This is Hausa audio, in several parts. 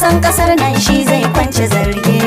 san kasar nan shi zai kwance zarge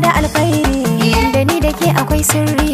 da alkhairi inda ni dake akwai sirri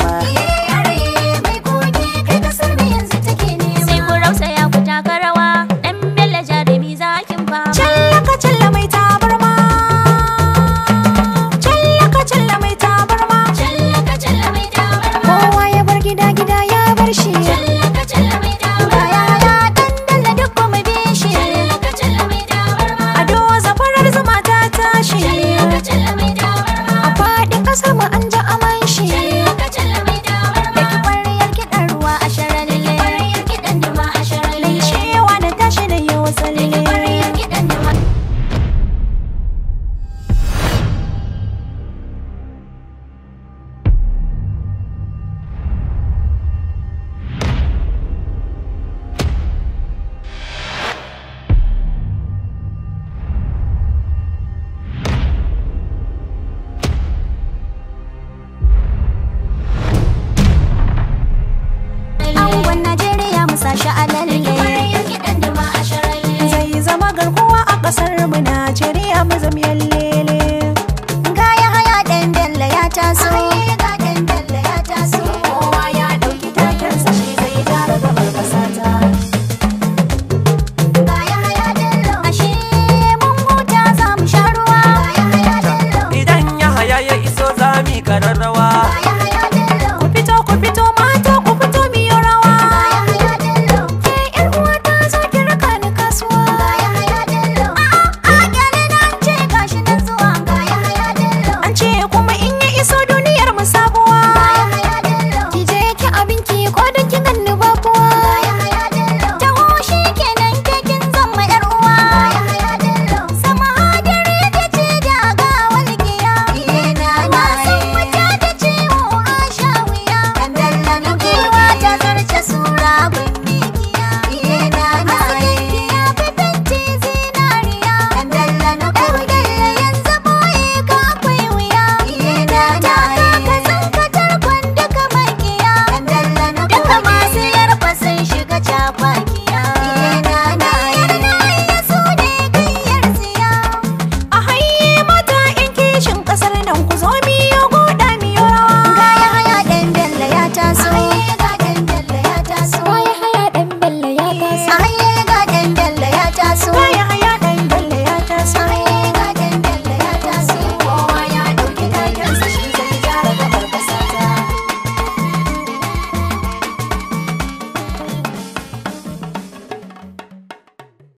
是。no